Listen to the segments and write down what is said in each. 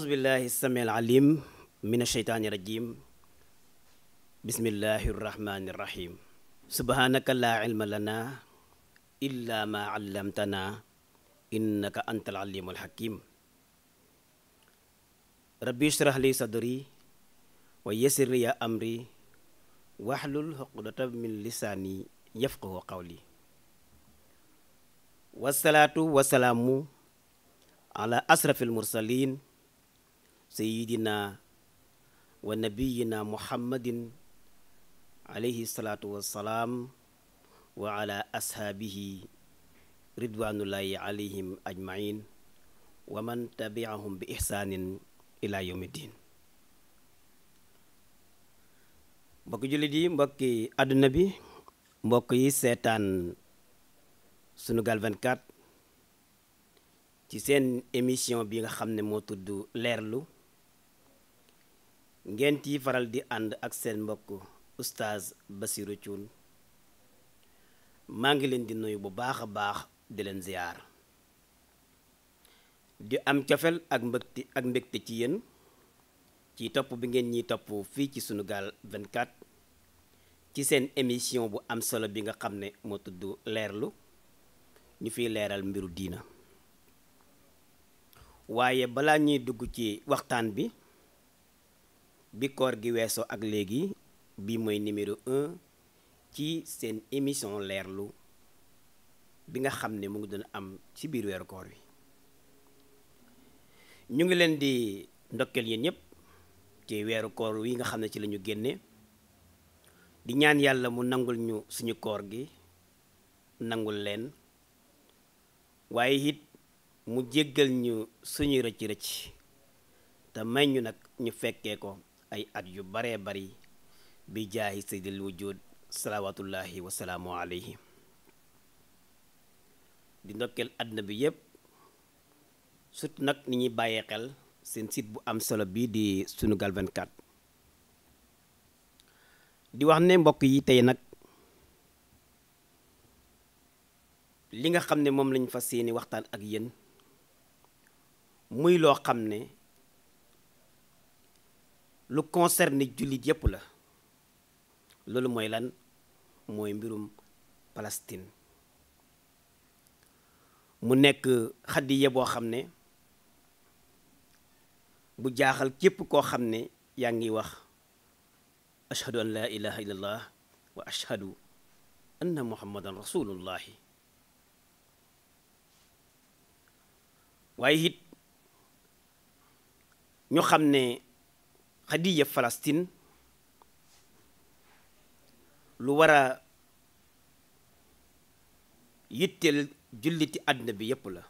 أعوذ بالله السميع العليم من الشيطان الرجيم بسم الله الرحمن الرحيم سبحانك لا علم لنا إلا ما علمتنا إنك أنت العليم الحكيم ربي اشرح لي صدري ويسر لي أمري واحلل عقدة من لساني يفقه قولي والصلاة والسلام على أشرف المرسلين sayidina wa nabiyina muhammadin alayhi salaatu salaam wa ala ashaabihi ridwanullahi alayhim ajmain wa man tabiahum bi ihsaanin ila yawmi ddin mbokki jullit yi mbokki àdduna bi mbokk yi seetaan Sunugal 24 ci seen émission bi nga xam ne moo tudd leerlu ngeen ci faral di ànd ak seen mbokk oustaz Basirou Thioune maa ngi leen di nuyu bu baax a baax di leen ziyaar di am cofel ak mbëgte ak mbëgte ci yéen ci topp bi ngeen ñi topp fii ci Sunugal 24 ci seen émission bu am solo bi nga xam ne moo tudd leerlu ñu fiy leeral mbiru diina waaye balaa ñuy dugg ci waxtaan bi bi koor gi weesoo ak léegi bi mooy numéro un ci seen émission leerlu bi nga xam ne mu ngi doon am ci biir weeru koor wi ñu ngi leen di ndokkeel yéen ñëpp ci weeru koor wi nga xam ne ci lañu génne di ñaan yàlla mu nangul ñu suñu koor gi nangul leen waaye it mu jéggal ñu suñuy rëcc rëcc te may ñu nag ñu fekkee ko ay at yu baree bari bi jaay jaahi sayyidil wujud salawaatullahi wasalaamu alayhi di ndokkeel àddina bi yëpp surtout nag ni ñuy bàyyee xel seen site bu am solo bii di sunu 24 di wax ne mbokk yi tey nag li nga xam ne moom lañu fa yéene waxtaan ak yéen muy loo xam ne lu concerne jullit yépp la loolu mooy lan mooy mbirum Palestine mu nekk xaddi boo xam ne bu jaaxal képp koo xam ne yaa ngi wax ashhadu an laa ilaha illallah wa ashhadu waaye it ñu xam ne qadiya Palestine lu wara a yitteel julliti àddina bi yépp la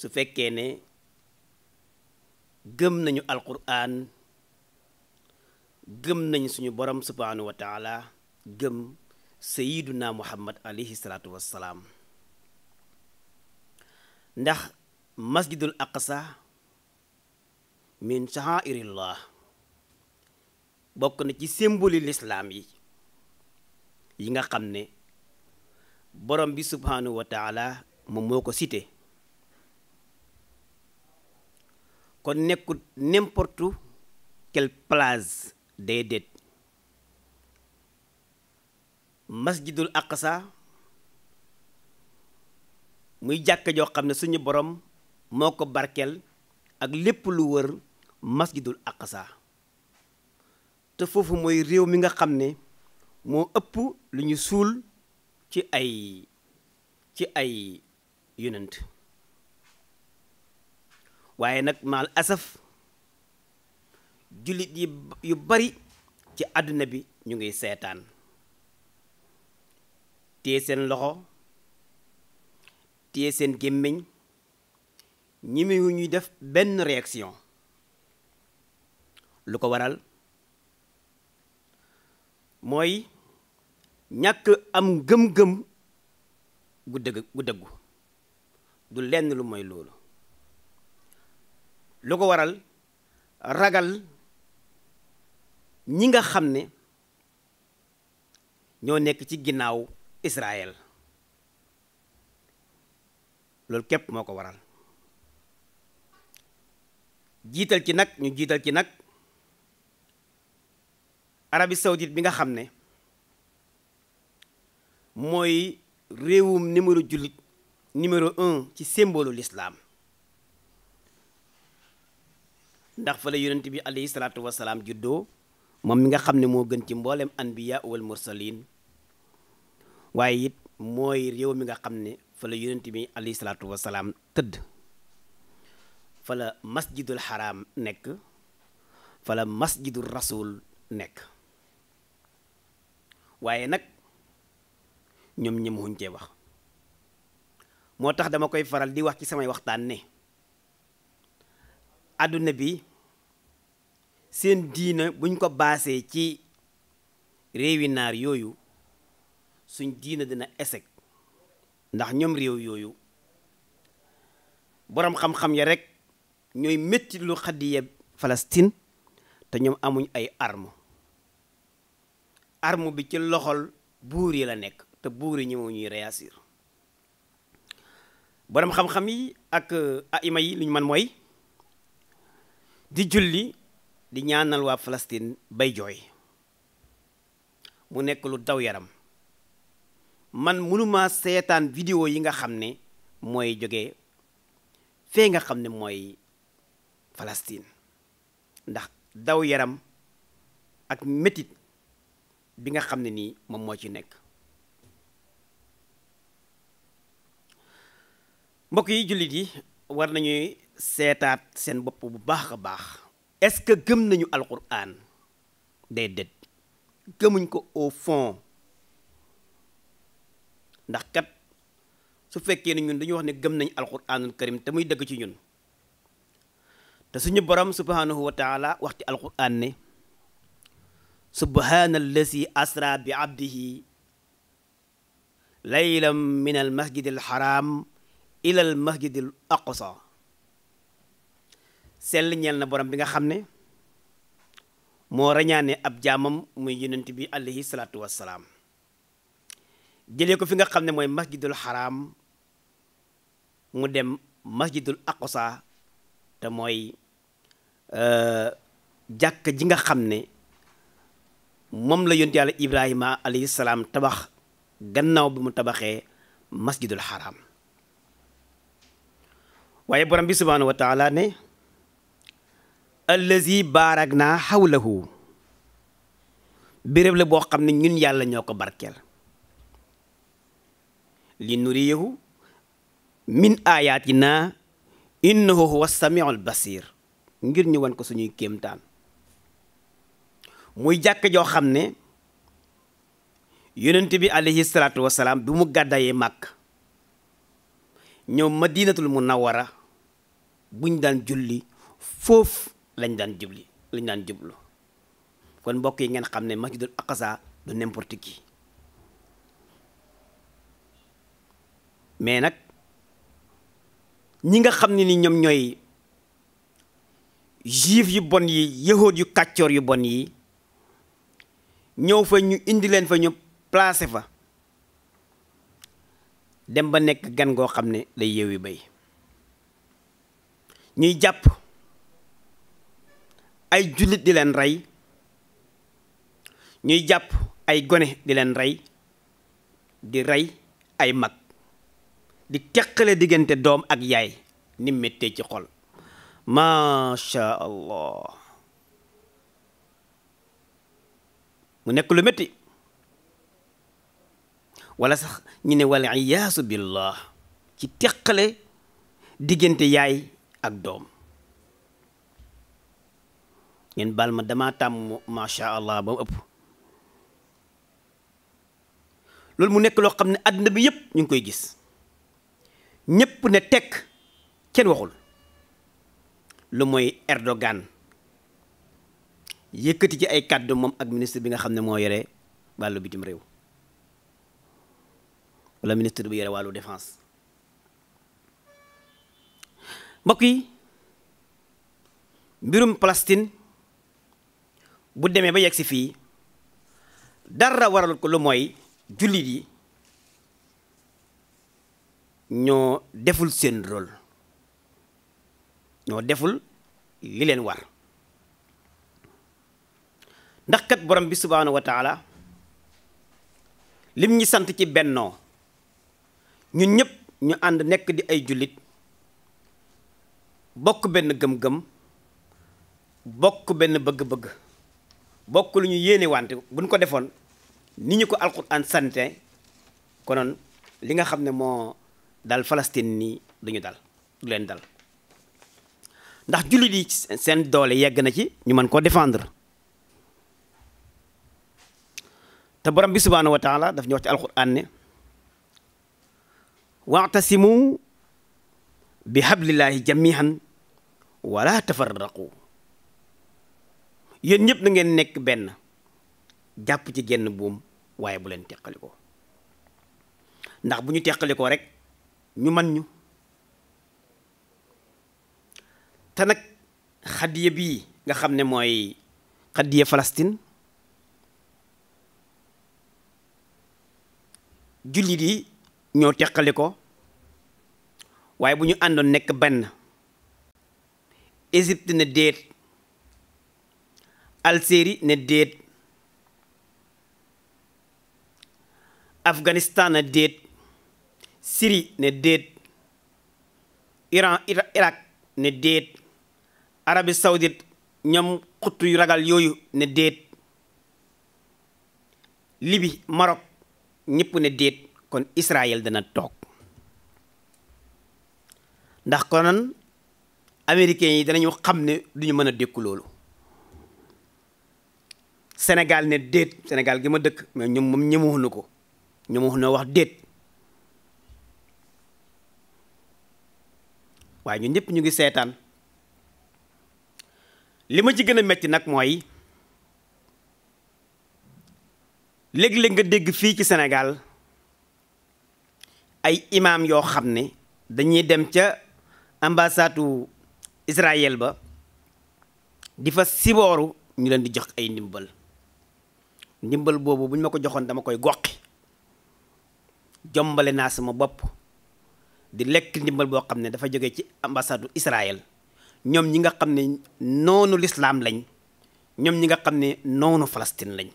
su fekkee ne gëm nañu alquran gëm nañu suñu borom subhanahu wa taala gëm sayiduna muhammad alayhi wassalaam ndax masjidul aqsa min sha'airillah bokk na ci symbole lislaam yi yi nga xam ne borom bi subhanahu wa taala moo ko cité kon nekkut n'importe quelle place déedéet masjidul aqsa muy jàkk joo xam ne suñu borom moo ko barkeel ak lépp lu wër masjidul aqsa te foofu mooy réew mi nga xam ne moo ëpp lu ñu suul ci ay ci ay yonent waaye nag maal asaf jullit yi yu bari ci àdduna bi ñu ngi seetaan téye seen loxo téye seen gémmiñ ñi muy def benn réaction lu ko waral mooy ñàkk am gëm-gëm gu dëgg gu dëggu du lenn lu moy loolu lu ko waral ragal ñi nga xam ne ñoo nekk ci ginnaaw Israël loolu képp moo ko waral jiital ci nag ñu jiital ci nag Arabie Saoudite bi nga xam ne mooy réewum numéro jullit numéro un ci symbole lislaam ndax fa la bi alayhi salaatu wasalaam juddoo moom mi nga xam ne moo gën ci mboolem anbiya wal mursalin waaye it mooy réew mi nga xam ne fala la bi alayhi salaatu wasalaam tëdd fala la masjidul haram nekk fala la masjidul rasul nekk waaye nag ñoom ñemewuñ cee wax moo tax dama koy faral di wax ci samay waxtaan ne àdduna bi seen diina buñ ko baasee ci réewi naar yooyu suñ diina dina échec ndax ñoom réew yooyu boroom xam-xam ya rek ñooy métti lu xaddiya Palestine te ñoom amuñ ay arme arme bi ci loxol buur yi la nekk te buur yi ñuy réussir boroom xam-xam yi ak aima yi lu ñu man mooy di julli di ñaanal waa Palestine bay jooy mu nekk lu daw yaram man mënuma seetaan vidéo yi nga xam ne mooy jóge fee nga xam ne mooy Palestine ndax daw yaram ak métit bi nga xam ne nii moom moo ci nekk mbokk yi jullit yi war nañuy seetaat seen bopp bu baax a baax est-ce que gëm nañu alquran day dét gëmuñ ko au fond ndax kat su fekkee ne ñun dañu wax ne gëm nañ alquranul karim te muy dëgg ci ñun te suñu borom subhanahu wa taala wax ci alquran ne subhaanallazi asra bi abdihi laylan min al masjid al haram ila al masjid al aqsa sell ñeel na borom bi nga xam ne moo rañaane ab jaamam muy yonent bi alayhi salaatu wassalaam jëlee ko fi nga xam ne mooy masjidul xaraam mu dem masjidul aqsa te mooy euh, jàkk ji nga xam ne moom la yonent yàlla ibrahima alayhi salaam tabax gannaaw bi mu tabaxee masjidul haram waaye borom bi subhaanahu wa ne allazi baarak naa xawlahu béréb la boo xam ne ñun yàlla ñoo ko barkeel li nuriyahu min ayatina innahu huwa samiul basiir ngir ñu wan ko suñuy kéemtaan muy jàkk joo xam ne yonent bi alayhi salaatu wasalaam bi mu gàddayee màkk ñëw madinatul munawwara buñ daan julli foofu lañ daan jubli lañ daan jublu kon mbokk yi ngeen xam ne masjidul aqsa du n'importe mais nag ñi nga xam ne ni ñoom ñooy juif yu bon yi yahood yu kàccoor yu bon yi ñëw fa ñu indi leen fa ñu placé fa dem ba nekk gan goo xam ne day yeewi bay ñuy jàpp ay jullit di leen rey ñuy jàpp ay gone di leen rey di rey ay mag di teqale diggante doom ak yaay ni mettee ci xol macha allah mu nekk lu métti wala sax ñu ne wal iyaasu billah ci teqale diggante yaay ak doom ngeen baal ma damaa tàmm macha allah ba mu ëpp loolu mu nekk loo xam ne àddina bi yëpp ñu ngi koy gis ñépp ne tekk kenn waxul lu mooy Erdogan yëkkati ci ay kàddu moom ak ministre bi nga xam ne moo yore wàllu bitim réew wala ministre bi yore wàllu défense mbokk yi mbirum Palestine bu demee ba yegg si fii dara waral ko lu mooy jullit yi ñoo deful seen rol ñoo deful li leen war ndax kat borom bi subhaanahu wa taala lim ñi sant ci bennoo ñun ñépp ñu ànd nekk di ay jullit bokk benn gëm-gëm bokk benn bëgg-bëgg bokk lu ñu yéene wante buñ ko defoon ni ñu ko alquran sante konoon li nga xam ne moo dal Palestine nii duñu dal du leen dal ndax jullit yi seen doole yegg na ci ñu mën koo defendre te borom bi subhaanahu wa taala daf ñu wax ci alquran ne bi hablillaahi jamihan wala tafarraqu yéen ñëpp na ngeen nekk benn jàpp ci genn buum waaye bu leen teqalikoo ndax bu ñu teqalikoo rek ñu man ñu te nag xadiya bi nga xam ne mooy xadiya Palestine jullit yi ñoo teqali ko waaye bu ñu àndoon nekk benn Égypte ne déet Algérie ne déet Afghanistan ne déet Syrie ne déet Iran Irak ne déet Arabie Saoudite ñoom xuttu yu ragal yooyu ne déet Libye Maroc ñëpp ne déet kon Israël dana toog ndax konoon américains yi danañu xam ne duñu mën a dékku loolu Sénégal ne déet Sénégal gi ma dëkk mais ñoom moom ñemewuñu ko ñemewuñu wax déet waaye ñu ñëpp ñu ngi seetaan li ma ci gën a metti nag mooy léegi léeg nga dégg fii ci senegal ay imaam yoo xam ne dañuy dem ca ambassadu Israël ba di fa sibooru ñu leen di jox ay ndimbal ndimbal boobu bu ñu ma ko joxoon dama koy goqi jombale naa sama bopp di lekk ndimbal boo xam ne dafa jóge ci ambassadu Israël ñoom ñi nga xam ne noonu lislaam lañ ñoom ñi nga xam ne noonu Palestine lañ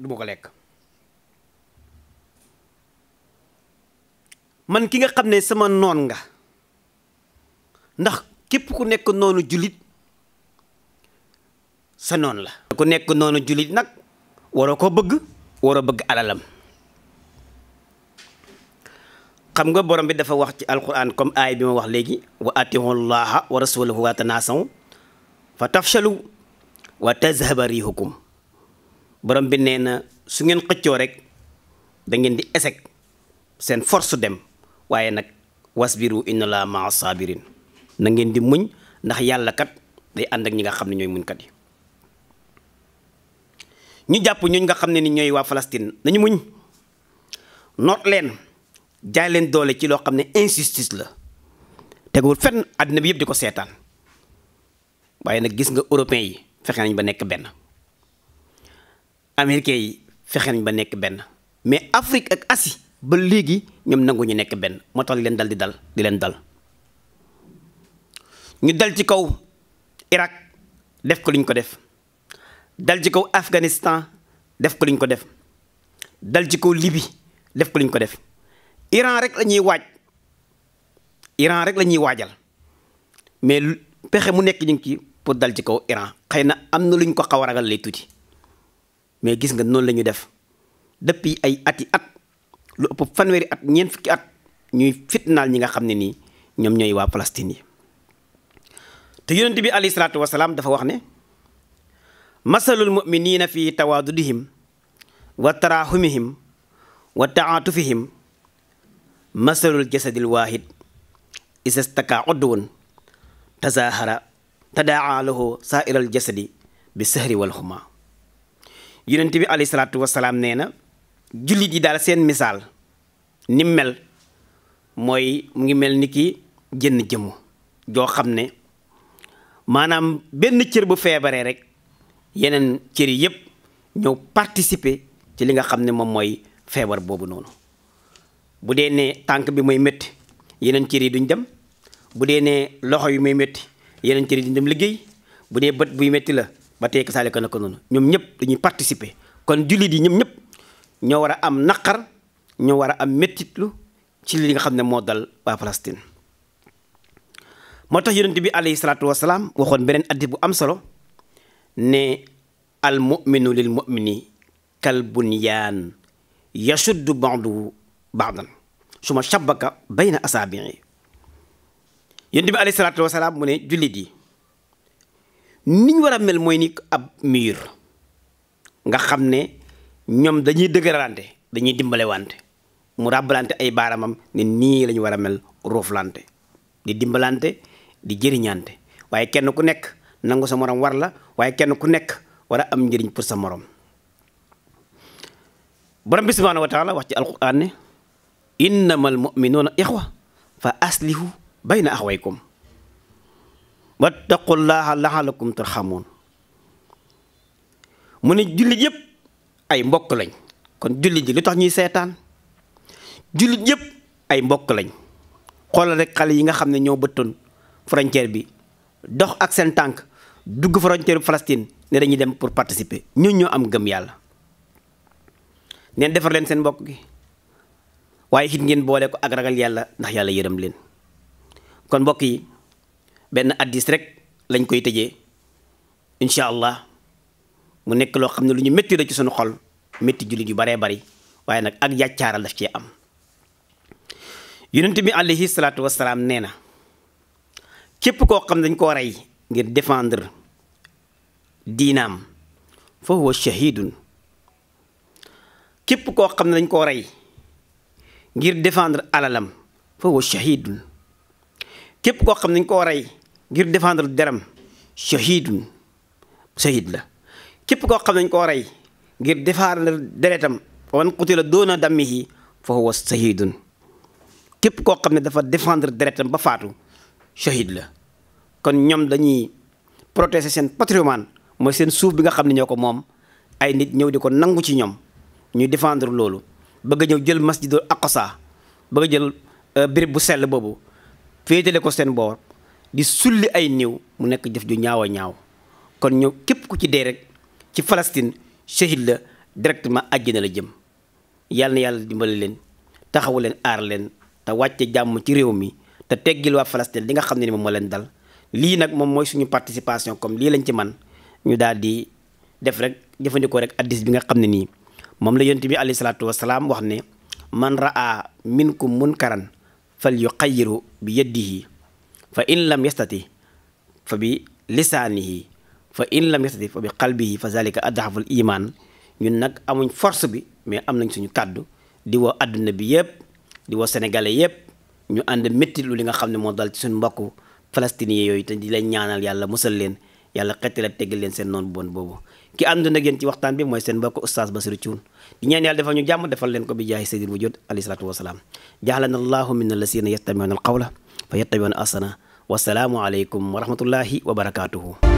du ma ko lekk man ki nga xam ne sama noon nga ndax képp ku nekk noonu jullit sa noon la ku nekk noonu jullit nag war a ko bëgg war a bëgg alalam xam nga borom bi dafa wax ci alquran comme aay bi ma wax léegi wa atihu llaha wa rasulahu wa tanasaw fa tafshalu wa tazhaba rihukum borom bi nee na su ngeen xëccoo rek dangeen di échec seen force dem waaye nag wasbiru inna laa maa sabirin na ngeen di muñ ndax yàlla kat day ànd ak ñi nga xam ne ñooy muñkat yi ñu jàpp ñooñ nga xam ne ni ñooy waa Palestine nañu muñ noot leen jaay leen doole ci loo xam ne insistis la teguwul fenn àddina bi yëpp di ko seetaan waaye nag gis nga européen yi fexe nañ ba nekk benn américain yi fexee nañ ba nekk benn mais Afrique ak Asie ba léegi ñoom nangu ñu nekk benn moo tax li leen dal di dal di leen dal ñu dal ci kaw Irak def ko luñ ko def dal ci kaw Afghanistan def ko liñ ko def dal ci kaw Libye def ko luñ ko def Iran rek lañuy ñuy waaj Iran rek la ñuy waajal mais pexe mu nekk ñu ngi ci pour dal ci kaw Iran xëy na am na luñ ko xaw a ragal lay tuuti. mais gis nga noonu la ñu def depuis ay at at lu ëpp fanweeri at ñeent fukki at ñuy fitnaal ñi nga xam ne nii ñoom ñooy waa Palestine yi te yonent bi alayhi salaatu wasalaam dafa wax ne masalul muminina fi tawaadudihim wa tarahumihim wa taatufihim masalul jasadil waahid isastaka udduwun tazahara tadaa saa saa'iral jasadi bi sahri wal xuma yonent bi alayhi salaatu wasalaam nee na jullit yi daal seen misaal ni mel mooy mu ngi mel ni ki jënn jëmm joo xam ne maanaam benn cër bu feebaree rek yeneen cër yi yëpp ñëw participer ci li nga xam ne moom mooy feebar boobu noonu bu dee nee tànk bi mooy métti yeneen cër yi duñ dem bu dee nee loxo yi mooy métti yeneen cër yi duñ dem liggéey bu dee bët buy métti la ba tey kasaalika naka noonu ñoom ñëpp dañuy participer kon jullit yi ñoom ñëpp ñoo war a am naqar ñoo war a am méttitlu ci li nga xam ne moo dal waa Palestine. moo tax yonent bi alayhi salaatu wasalaam waxoon beneen addis bu am solo ne al muminu lil mumini kal bunyaan baax ba'duhu ba'dan suma shabbaka bayna asaabi'i yonent bi alayhi salaatu wasalaam mu ne jullit yi niñ war a mel mooy ni ab mur nga xam ne ñoom dañuy dëgëralante dañuy dimbalewante mu ràbbalante ay baaraamam ne nii lañu war a mel rooflante di dimbalante di jëriñante waaye kenn ku nekk nangu sa morom war la waaye kenn ku nekk war a am njëriñ pour sa moroom borom bi subhanahu wa taala wax ci alquran ne innamal mu'minuuna ixwa fa aslihu bayna axwaykum wattaqullaha laalakum turhamuun mu ne jullit yëpp ay mbokk lañ kon jullit ji lu tax ñuy seetaan jullit yëpp ay mbokk lañ xoolal rek xale yi nga xam ne ñoo bëttoon frontière bi dox ak seen tànk dugg frontière bu Palestine ne dañuy dem pour participer ñun ñoo am gëm yàlla neen defar leen seen mbokk gi waaye it ngeen boole ko ak yàlla ndax yàlla yërëm leen kon mbokk yi benn addis rek lañ koy tëje incha allah mu nekk loo xam ne lu ñu métti la ci sunu xol métti jullit yu baree bari waaye nag ak yàccaaral daf cee am yonent bi alayhi salaatu wasalaam nee na képp koo xam dañ koo rey ngir défendre diinaam fa huwa shahidun képp koo xam ne dañ koo rey ngir defendre alalam fa huwa shahidun képp koo xam ne dañ koo rey ngir défendre deram shahidun shahid la képp koo xam nañ koo rey ngir défendre deretam wan qutila doona dammihi foo huwa shahidun képp koo xam ne dafa défendre deretam ba faatu shahid la kon ñoom dañuy protéger seen patrimoine mooy seen suuf bi nga xam ne ñoo ko moom ay nit ñëw di ko nangu ci ñoom ñuy défendre loolu bëgg ñëw jël masjidul aqsa bëgg jël euh, béréb bu sell boobu féetale ko seen boor di sulli ay néew mu nekk def ju ñaaw a ñaaw kon ñëw képp ku ci dee rek ci falastine shahid la directement àjjana la jëm yàlla yàlla dimbali leen taxawu leen aar leen te wàcce jàmm ci réew mi te teggil waa Palestine li nga xam ne ni moom moo leen dal lii nag moom mooy suñu participation comme lii lañ ci man ñu daal di def rek jëfandikoo rek addis bi nga xam ne nii moom la yonent bi alayhi salaatu wasalaam wax ne man raa minkum munkaran fal yuqayyiru bi yadihi fa in lam yastati fa bi lisaanihi fa in lam yastati fa bi qalbihi fa zalika adhaful iman ñun nag amuñ force bi mais am nañ suñu kàddu di woo àdduna bi yëpp di woo sénégalais yëpp ñu ànd métti lu li nga xam ne moo dal ci suñu mbokku palestiniens yooyu te di leen ñaanal yàlla musal leen yàlla xetti la teggal leen seen noonu bon boobu ki àndoon ak yéen ci waxtaan bi mooy seen mbokk oustaz Basiru Cuun di ñaan yàlla defal ñu jàmm defal leen ko bi jaay seydil wujud alayhi salaatu wasalaam jaaxlana allahu min allasina yastamiuna alqawla fa yattabi'uuna ahsana wassalaamu aleykum wa rahmatullahi wa barakaatuhu